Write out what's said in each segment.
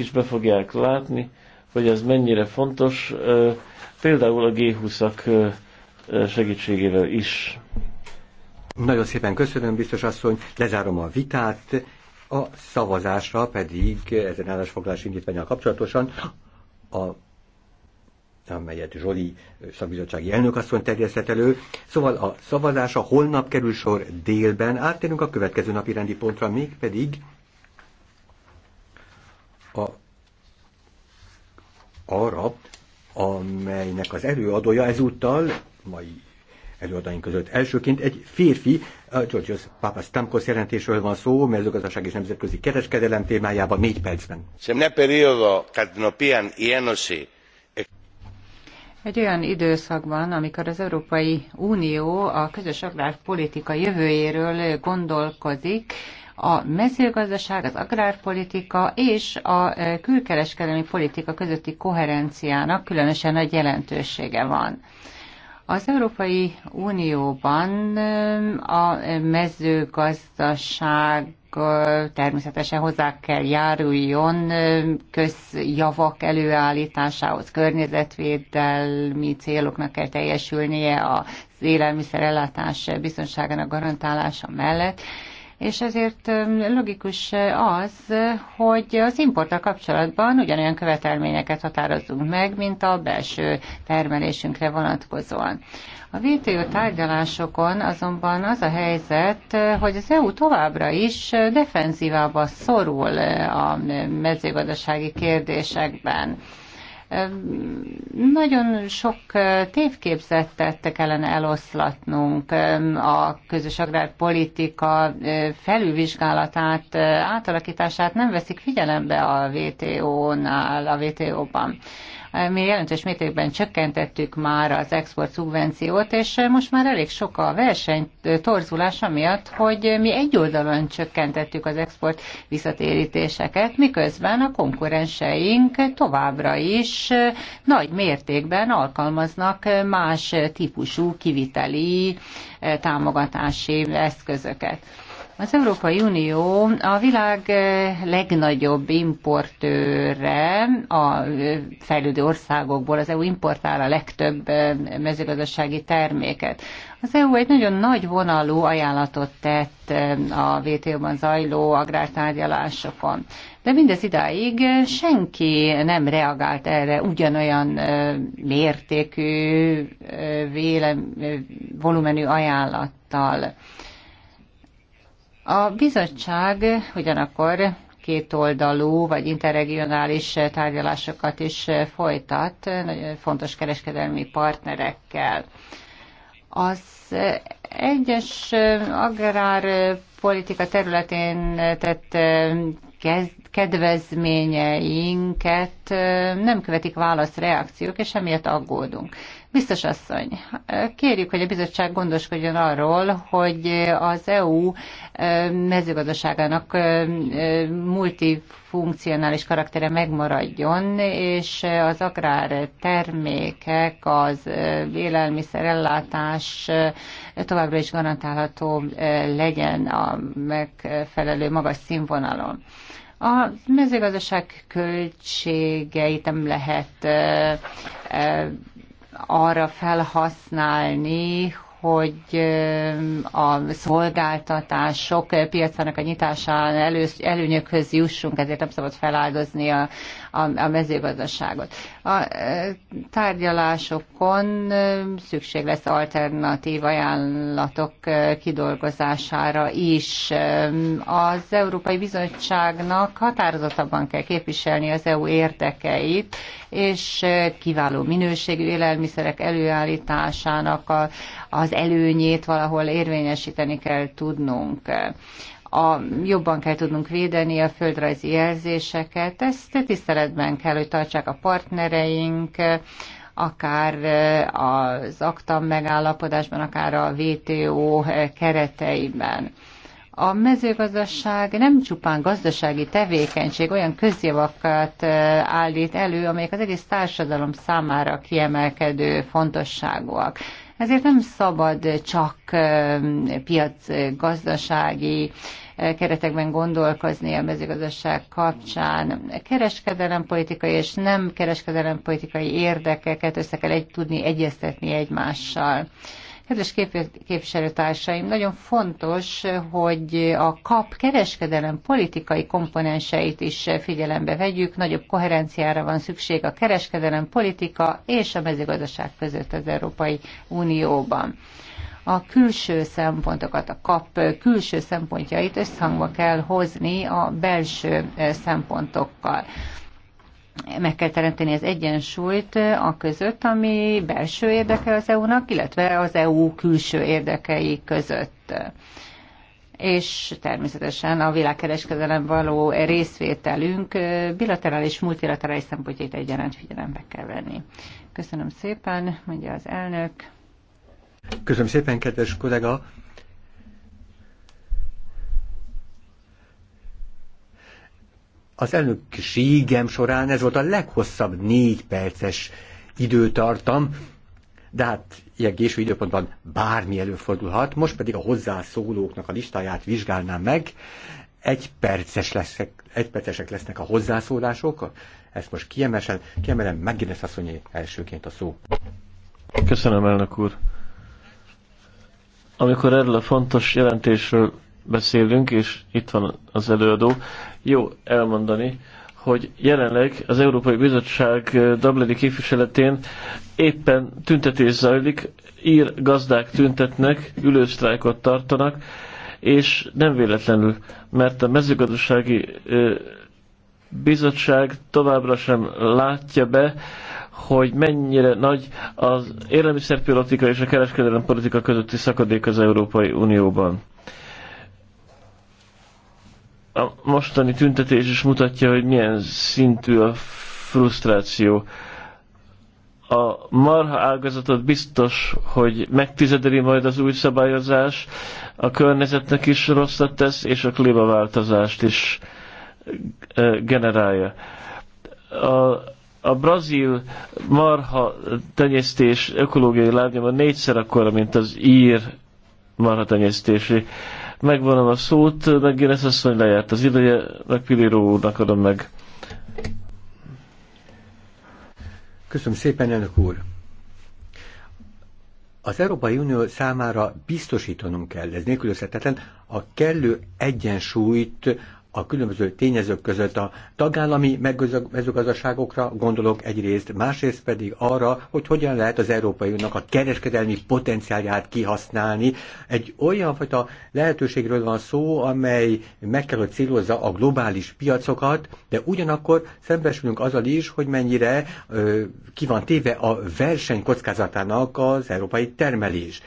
is be fogják látni, hogy ez mennyire fontos, például a G20-ak segítségével is. Nagyon szépen köszönöm, biztos asszony, lezárom a vitát, a szavazásra pedig ezen állásfoglalás indítványal kapcsolatosan a amelyet Zsoli szakbizottsági asszony terjesztett elő. Szóval a szavazása holnap kerül sor délben. Áttérünk a következő napi rendi pontra, mégpedig a, arra, amelynek az előadója ezúttal, mai előadáink között elsőként egy férfi, Georgios Papastamkos jelentésről van szó, mezőgazdaság és nemzetközi kereskedelem témájában négy percben. Egy olyan időszakban, amikor az Európai Unió a közös agrárpolitika jövőjéről gondolkozik, a mezőgazdaság, az agrárpolitika és a e, külkereskedelmi politika közötti koherenciának különösen nagy jelentősége van. Az Európai Unióban e, a mezőgazdaság e, természetesen hozzá kell járuljon közjavak előállításához, környezetvédelmi céloknak kell teljesülnie az élelmiszerellátás biztonságának garantálása mellett, és ezért um, logikus uh, az, hogy az importtal kapcsolatban ugyanolyan követelményeket határozzunk meg, mint a belső termelésünkre vonatkozóan. A WTO tárgyalásokon azonban az a helyzet, uh, hogy az EU továbbra is uh, defenzívába szorul a mezőgazdasági kérdésekben. Nagyon sok tévképzettet kellene eloszlatnunk a közös agrárpolitika felülvizsgálatát, átalakítását nem veszik figyelembe a WTO-nál, a WTO-ban mi jelentős mértékben csökkentettük már az export szubvenciót, és most már elég sok a verseny torzulása miatt, hogy mi egy oldalon csökkentettük az export visszatérítéseket, miközben a konkurenseink továbbra is nagy mértékben alkalmaznak más típusú kiviteli támogatási eszközöket. Az Európai Unió a világ eh, legnagyobb importőre, a eh, fejlődő országokból az EU importál a legtöbb eh, mezőgazdasági terméket. Az EU egy nagyon nagy vonalú ajánlatot tett a WTO-ban zajló agrártárgyalásokon. De mindez idáig senki nem reagált erre ugyanolyan mértékű, vélem, volumenű ajánlattal. A bizottság ugyanakkor kétoldalú vagy interregionális tárgyalásokat is folytat nagyon fontos kereskedelmi partnerekkel. Az egyes agrárpolitika területén tett kedvezményeinket nem követik válasz reakciók, és emiatt aggódunk. Biztos asszony, kérjük, hogy a bizottság gondoskodjon arról, hogy az EU mezőgazdaságának multifunkcionális karaktere megmaradjon, és az agrártermékek, az élelmiszerellátás továbbra is garantálható legyen a megfelelő magas színvonalon. A mezőgazdaság költségeit nem lehet arra felhasználni, hogy a szolgáltatások piacának a nyitásán előnyökhöz jussunk, ezért nem szabad feláldozni a a mezőgazdaságot. A e, tárgyalásokon e, szükség lesz alternatív ajánlatok e, kidolgozására is. Az Európai Bizottságnak határozottabban kell képviselni az EU érdekeit, és kiváló minőségű élelmiszerek előállításának a, az előnyét valahol érvényesíteni kell tudnunk a, jobban kell tudnunk védeni a földrajzi jelzéseket, ezt tiszteletben kell, hogy tartsák a partnereink, akár eh, az aktam megállapodásban, akár a WTO eh, kereteiben. A mezőgazdaság nem csupán gazdasági tevékenység, olyan közjavakat eh, állít elő, amelyek az egész társadalom számára kiemelkedő fontosságúak. Ezért nem szabad csak piacgazdasági keretekben gondolkozni a mezőgazdaság kapcsán. Kereskedelempolitikai és nem kereskedelempolitikai érdekeket össze kell egy, tudni egyeztetni egymással. Kedves kép- képviselőtársaim, nagyon fontos, hogy a kap kereskedelem politikai komponenseit is figyelembe vegyük, nagyobb koherenciára van szükség a kereskedelem politika és a mezőgazdaság között az Európai Unióban a külső szempontokat, a kap külső szempontjait összhangba kell hozni a belső szempontokkal meg kell teremteni az egyensúlyt a között, ami belső érdeke az EU-nak, illetve az EU külső érdekei között. És természetesen a világkereskedelem való részvételünk bilaterális, multilaterális szempontjait egyaránt figyelembe kell venni. Köszönöm szépen, mondja az elnök. Köszönöm szépen, kedves kollega. az elnökségem során ez volt a leghosszabb négy perces időtartam, de hát ilyen késő időpontban bármi előfordulhat, most pedig a hozzászólóknak a listáját vizsgálnám meg, egy, perces leszek, egy percesek lesznek a hozzászólások, ezt most kiemesen, kiemelem, megint asszonyi elsőként a szó. Köszönöm, elnök úr. Amikor erről a fontos jelentésről beszélünk, és itt van az előadó, jó elmondani, hogy jelenleg az Európai Bizottság Dublini képviseletén éppen tüntetés zajlik, ír gazdák tüntetnek, ülősztrájkot tartanak, és nem véletlenül, mert a mezőgazdasági bizottság továbbra sem látja be, hogy mennyire nagy az élelmiszerpolitika és a kereskedelem politika közötti szakadék az Európai Unióban a mostani tüntetés is mutatja, hogy milyen szintű a frusztráció. A marha ágazatot biztos, hogy megtizedeli majd az új szabályozás, a környezetnek is rosszat tesz, és a klímaváltozást is generálja. A, a brazil marha tenyésztés ökológiai lábnyoma négyszer akkora, mint az ír marha tenyésztési. Megvonom a szót, meg azt asszony lejárt az ideje, meg Piliró úrnak adom meg. Köszönöm szépen, elnök úr! Az Európai Unió számára biztosítanunk kell, ez nélkülözhetetlen, a kellő egyensúlyt a különböző tényezők között a tagállami mezőgazdaságokra gondolok egyrészt, másrészt pedig arra, hogy hogyan lehet az Európai Uniónak a kereskedelmi potenciálját kihasználni. Egy olyan fajta lehetőségről van szó, amely meg kell, hogy célozza a globális piacokat, de ugyanakkor szembesülünk azzal is, hogy mennyire ö, ki van téve a verseny kockázatának az európai termelés.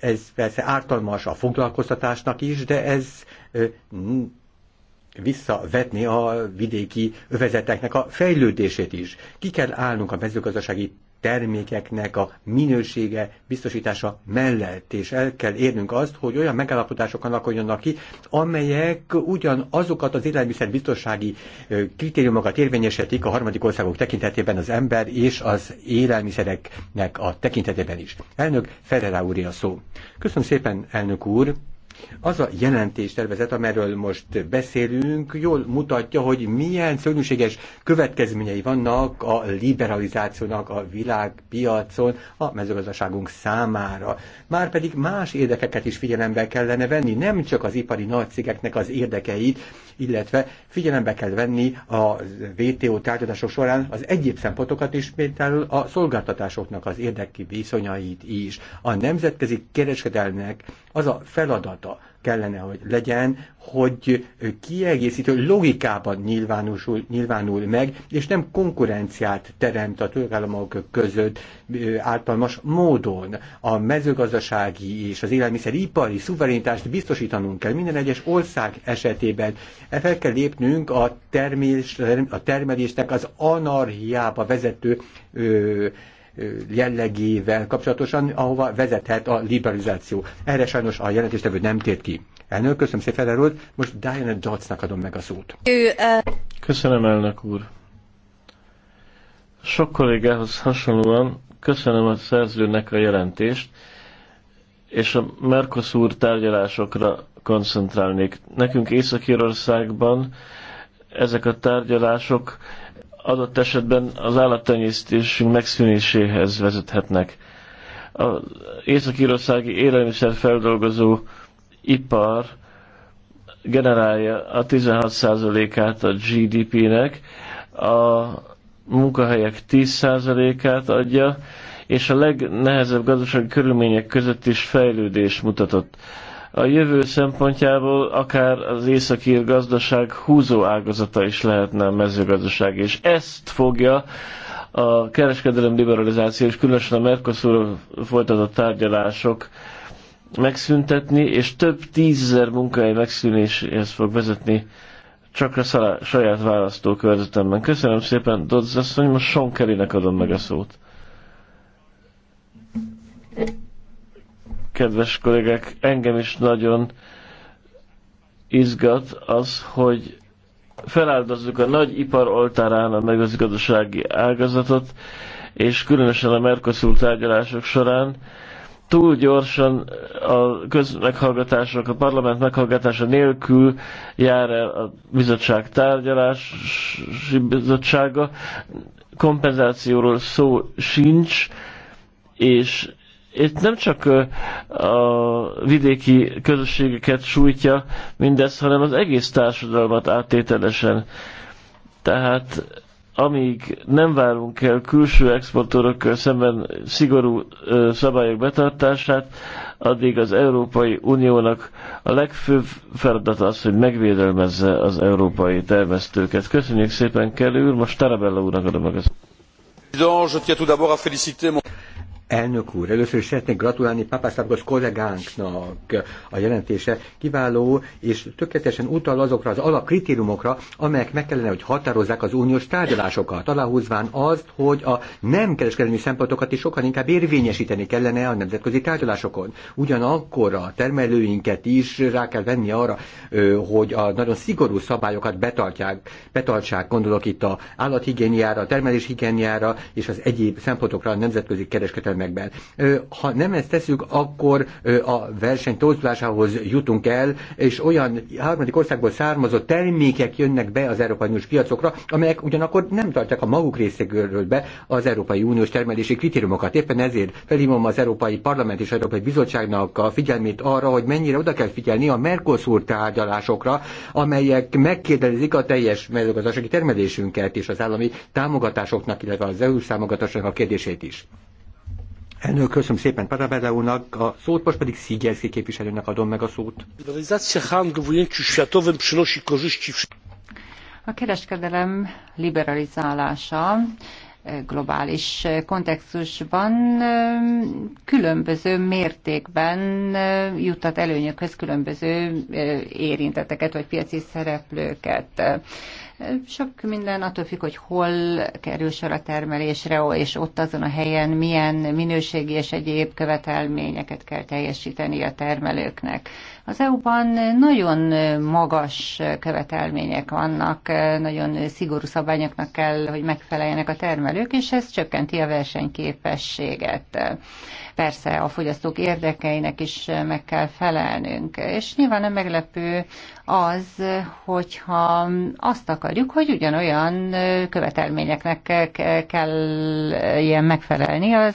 Ez persze ártalmas a foglalkoztatásnak is, de ez ö, visszavetni a vidéki övezeteknek a fejlődését is. Ki kell állnunk a mezőgazdasági termékeknek a minősége biztosítása mellett, és el kell érnünk azt, hogy olyan megállapodások alakuljanak ki, amelyek ugyan azokat az élelmiszer kritériumokat érvényesítik a harmadik országok tekintetében az ember és az élelmiszereknek a tekintetében is. Elnök Ferrera úr a szó. Köszönöm szépen, elnök úr! Az a jelentés tervezet, amiről most beszélünk, jól mutatja, hogy milyen szörnyűséges következményei vannak a liberalizációnak a világpiacon a mezőgazdaságunk számára. Márpedig más érdekeket is figyelembe kellene venni, nem csak az ipari nagycégeknek az érdekeit, illetve figyelembe kell venni a WTO tárgyalások során az egyéb szempontokat is, például a szolgáltatásoknak az érdeki viszonyait is. A nemzetközi kereskedelnek az a feladata kellene, hogy legyen, hogy kiegészítő logikában nyilvánul, nyilvánul meg, és nem konkurenciát teremt a tagállamok között általmas módon. A mezőgazdasági és az élelmiszeripari szuverenitást biztosítanunk kell minden egyes ország esetében. E Fel kell lépnünk a, termés, a termelésnek az anarhiába vezető ö, jellegével kapcsolatosan, ahova vezethet a liberalizáció. Erre sajnos a jelentéstevő nem tért ki. Elnök, köszönöm szépen, Erről. Most Diana Doddsnak adom meg a szót. Köszönöm, elnök úr. Sok kollégához hasonlóan köszönöm a szerzőnek a jelentést, és a Mercosur tárgyalásokra koncentrálnék. Nekünk Észak-Írországban ezek a tárgyalások adott esetben az állattenyésztésünk megszűnéséhez vezethetnek. Az észak-írországi élelmiszerfeldolgozó ipar generálja a 16%-át a GDP-nek, a munkahelyek 10%-át adja, és a legnehezebb gazdasági körülmények között is fejlődés mutatott a jövő szempontjából akár az északi gazdaság húzó ágazata is lehetne a mezőgazdaság, és ezt fogja a kereskedelem liberalizáció és különösen a Mercosur folytatott tárgyalások megszüntetni, és több tízezer munkahely megszűnéséhez fog vezetni csak a saját választókörzetemben. Köszönöm szépen, Dodz asszony, most Sean kelly adom meg a szót kedves kollégák, engem is nagyon izgat az, hogy feláldozzuk a nagy ipar oltárán a megazgazdasági ágazatot, és különösen a Mercosur tárgyalások során túl gyorsan a közmeghallgatások, a parlament meghallgatása nélkül jár el a bizottság tárgyalási bizottsága, kompenzációról szó sincs, és itt nem csak a vidéki közösségeket sújtja mindez, hanem az egész társadalmat áttételesen. Tehát amíg nem várunk el külső exportőrökkel szemben szigorú szabályok betartását, addig az Európai Uniónak a legfőbb feladata az, hogy megvédelmezze az európai termesztőket. Köszönjük szépen, Kelly úr, most Tarabella úrnak adom a köszönet. Elnök úr, először is szeretnék gratulálni Papászlapkos kollégánknak. A jelentése kiváló, és tökéletesen utal azokra az alapkritériumokra, amelyek meg kellene, hogy határozzák az uniós tárgyalásokat, aláhúzván azt, hogy a nem kereskedelmi szempontokat is sokkal inkább érvényesíteni kellene a nemzetközi tárgyalásokon. Ugyanakkor a termelőinket is rá kell venni arra, hogy a nagyon szigorú szabályokat betartják, betartsák, gondolok itt a állathigiéniára, a termeléshigiéniára és az egyéb szempontokra a nemzetközi kereskedelmi érdemekben. Ha nem ezt teszünk, akkor a verseny torzulásához jutunk el, és olyan harmadik országból származó termékek jönnek be az Európai Uniós piacokra, amelyek ugyanakkor nem tartják a maguk részéről be az Európai Uniós termelési kritériumokat. Éppen ezért felhívom az Európai Parlament és Európai Bizottságnak a figyelmét arra, hogy mennyire oda kell figyelni a Mercosur tárgyalásokra, amelyek megkérdezik a teljes mezőgazdasági termelésünket és az állami támogatásoknak, illetve az EU támogatásoknak a kérdését is. Elnök, köszönöm szépen Parabella úrnak a szót, most pedig Szigyelszki képviselőnek adom meg a szót. A kereskedelem liberalizálása eh, globális eh, kontextusban eh, különböző mértékben juttat előnyökhöz különböző érinteteket vagy piaci szereplőket. Sok minden attól függ, hogy hol kerül sor a termelésre, és ott azon a helyen milyen minőségi és egyéb követelményeket kell teljesíteni a termelőknek. Az EU-ban nagyon magas követelmények vannak, nagyon szigorú szabályoknak kell, hogy megfeleljenek a termelők, és ez csökkenti a versenyképességet. Persze a fogyasztók érdekeinek is meg kell felelnünk. És nyilván nem meglepő az, hogyha azt akarjuk, hogy ugyanolyan követelményeknek kell ilyen megfelelni az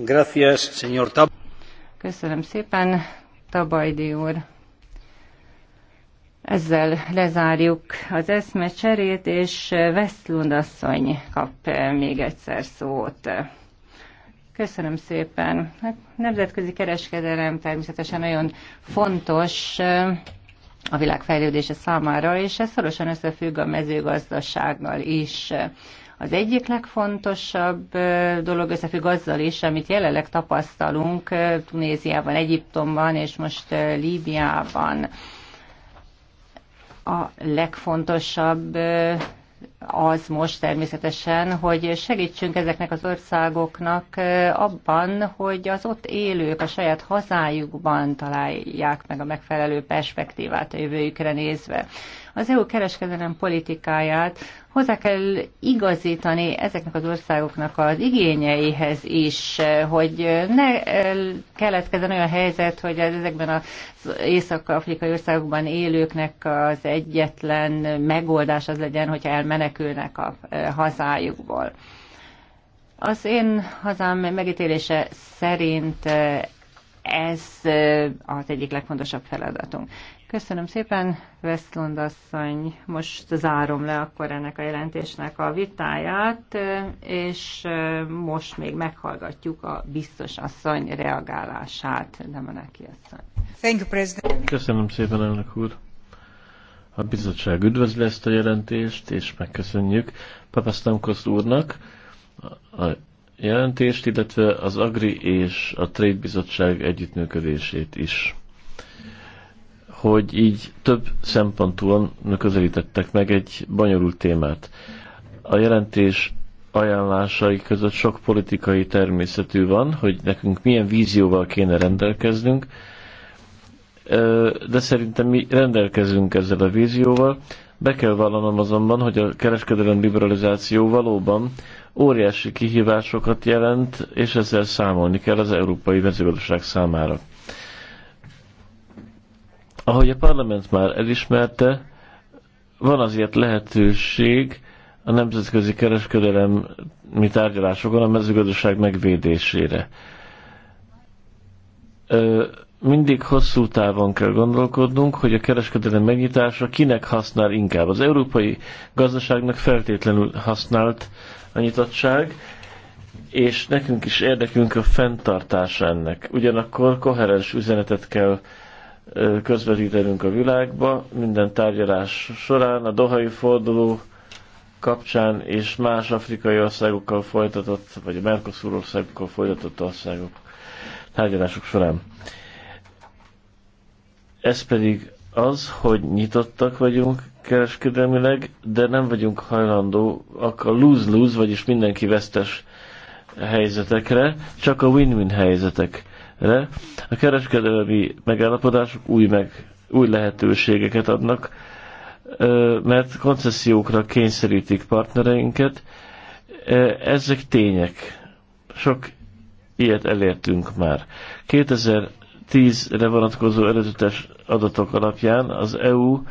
Gracias, señor Tab. Köszönöm szépen, Tabajdi úr. Ezzel lezárjuk az eszme cserét, és Westlund asszony kap még egyszer szót. Köszönöm szépen. a hát, nemzetközi kereskedelem természetesen nagyon fontos a világ fejlődése számára, és ez szorosan összefügg a mezőgazdasággal is. Az egyik legfontosabb dolog összefügg azzal is, amit jelenleg tapasztalunk Tunéziában, Egyiptomban és most Líbiában. A legfontosabb az most természetesen, hogy segítsünk ezeknek az országoknak abban, hogy az ott élők a saját hazájukban találják meg a megfelelő perspektívát a jövőjükre nézve. Az EU kereskedelem politikáját hozzá kell igazítani ezeknek az országoknak az igényeihez is, hogy ne keletkezzen olyan helyzet, hogy ezekben az észak-afrikai országokban élőknek az egyetlen megoldás az legyen, hogyha elmenekülnek a hazájukból. Az én hazám megítélése szerint ez az egyik legfontosabb feladatunk. Köszönöm szépen, Westlund asszony. Most zárom le akkor ennek a jelentésnek a vitáját, és most még meghallgatjuk a biztos asszony reagálását, de a neki asszony. Thank you, President. Köszönöm szépen, elnök úr. A bizottság üdvözli ezt a jelentést, és megköszönjük Papasztamkosz úrnak a jelentést, illetve az Agri és a Trade Bizottság együttműködését is hogy így több szempontból közelítettek meg egy bonyolult témát. A jelentés ajánlásai között sok politikai természetű van, hogy nekünk milyen vízióval kéne rendelkeznünk, de szerintem mi rendelkezünk ezzel a vízióval. Be kell vallanom azonban, hogy a kereskedelem liberalizáció valóban óriási kihívásokat jelent, és ezzel számolni kell az európai mezőgazdaság számára. Ahogy a parlament már elismerte, van azért lehetőség a nemzetközi kereskedelemi tárgyalásokon a mezőgazdaság megvédésére. Mindig hosszú távon kell gondolkodnunk, hogy a kereskedelem megnyitása kinek használ inkább. Az európai gazdaságnak feltétlenül használt a nyitottság, és nekünk is érdekünk a fenntartás ennek. Ugyanakkor koherens üzenetet kell közvetítenünk a világba, minden tárgyalás során, a Dohai forduló kapcsán és más afrikai országokkal folytatott, vagy a Mercosur országokkal folytatott országok tárgyalások során. Ez pedig az, hogy nyitottak vagyunk kereskedelmileg, de nem vagyunk hajlandóak a lose-lose, vagyis mindenki vesztes helyzetekre, csak a win-win helyzetek le. A kereskedelmi megállapodások új, meg, új lehetőségeket adnak, mert koncesziókra kényszerítik partnereinket. Ezek tények. Sok ilyet elértünk már. 2010-re vonatkozó előzetes adatok alapján az EU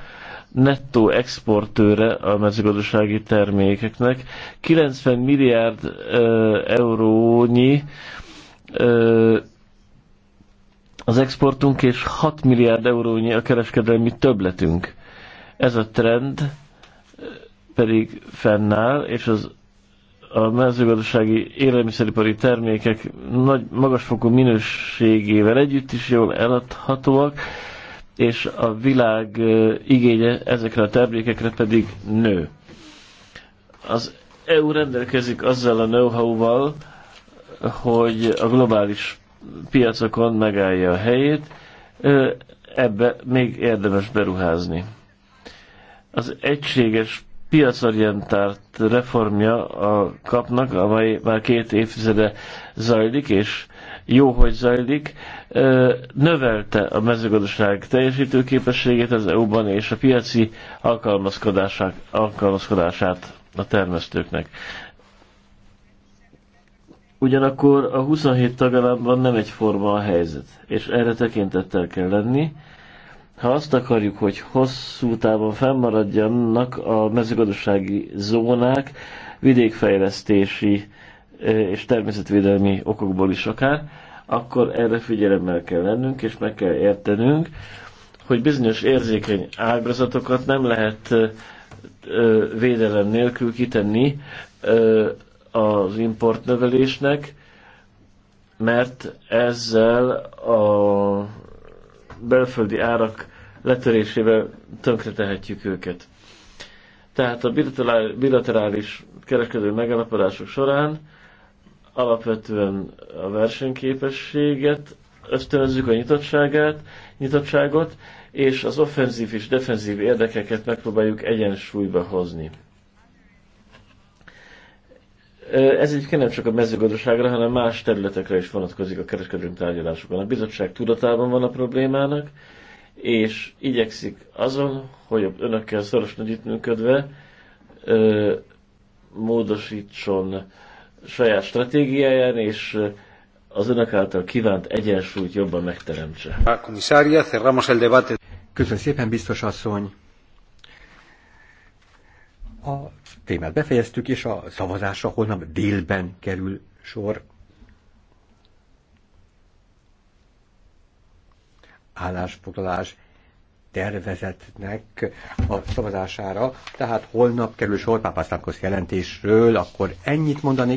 nettó exportőre a mezőgazdasági termékeknek. 90 milliárd ö, eurónyi exportunk és 6 milliárd eurónyi a kereskedelmi többletünk. Ez a trend eh, pedig fennáll, és az a mezőgazdasági élelmiszeripari termékek nagy, magasfokú minőségével együtt is jól eladhatóak, és a világ eh, igénye ezekre a termékekre pedig nő. Az EU rendelkezik azzal a know-how-val, hogy a globális piacokon megállja a helyét, ebbe még érdemes beruházni. Az egységes piacorientált reformja a kapnak, amely már két évtizede zajlik, és jó, hogy zajlik, növelte a mezőgazdaság teljesítőképességét az EU-ban és a piaci alkalmazkodását a termesztőknek. Ugyanakkor a 27 tagállamban nem egyforma a helyzet, és erre tekintettel kell lenni. Ha azt akarjuk, hogy hosszú távon fennmaradjanak a mezőgazdasági zónák, vidékfejlesztési és természetvédelmi okokból is akár, akkor erre figyelemmel kell lennünk, és meg kell értenünk, hogy bizonyos érzékeny ágazatokat nem lehet védelem nélkül kitenni az importnövelésnek, mert ezzel a belföldi árak letörésével tönkretehetjük őket. Tehát a bilaterális kereskedő megállapodások során alapvetően a versenyképességet ösztönözzük a nyitottságát, nyitottságot, és az offenzív és defenzív érdekeket megpróbáljuk egyensúlyba hozni. Ez egyébként nem csak a mezőgazdaságra, hanem más területekre is vonatkozik a kereskedelmi tárgyalásokon. A bizottság tudatában van a problémának, és igyekszik azon, hogy önökkel szorosan együttműködve módosítson saját stratégiáján, és az önök által kívánt egyensúlyt jobban megteremtse. A komisária, cerramos el debate. Köszönöm szépen, biztos asszony. A témát befejeztük, és a szavazásra holnap délben kerül sor. Állásfoglalás tervezetnek a szavazására, tehát holnap kerül sor Pápászlánkosz jelentésről, akkor ennyit mondanék.